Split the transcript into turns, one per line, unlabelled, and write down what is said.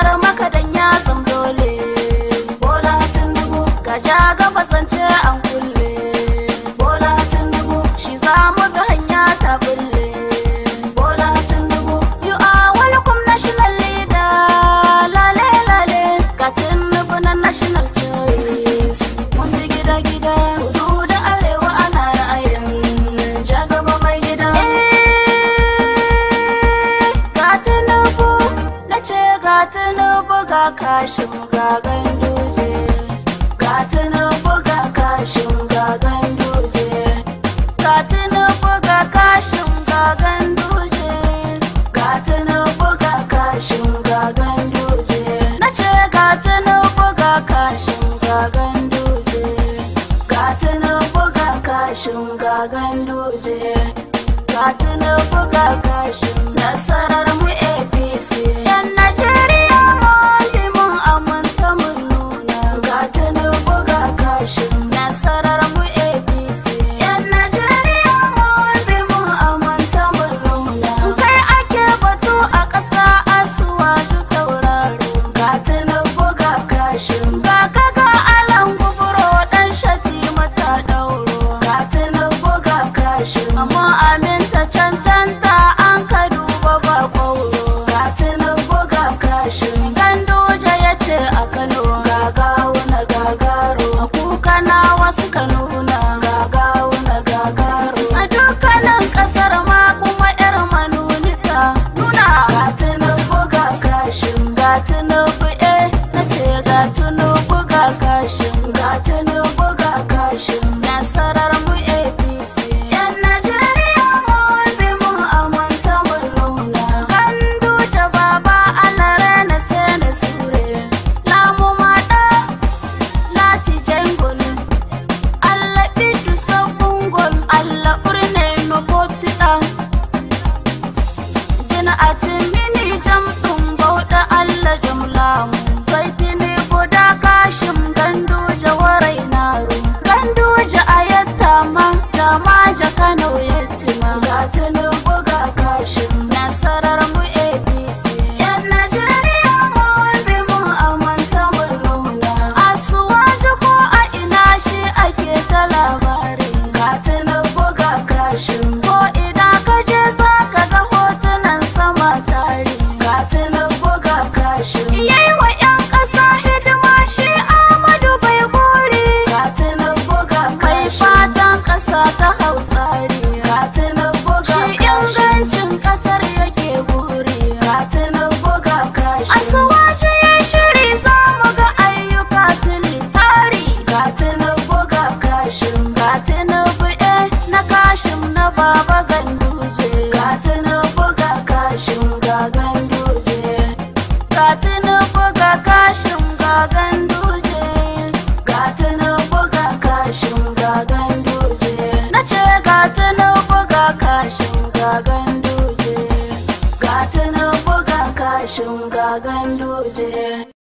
Karama ka ɗan tunubu buga kashin gagan duje ga tunubu kashin gagan duje ga tunubu ga kashin gagan duje ga tunubu ga kashin gagan duje na ce ga tunubu kashin gagan duje ga tunubu kashin gagan duje ga tunubu kashin nasarar mu apc yan naje 多么哀怨的缠绵。是。buga kashin gagan duje ga ta na buga kashin gagan duje na ce ga ta na buga kashin gagan duje ga ta na buga kashin gagan duje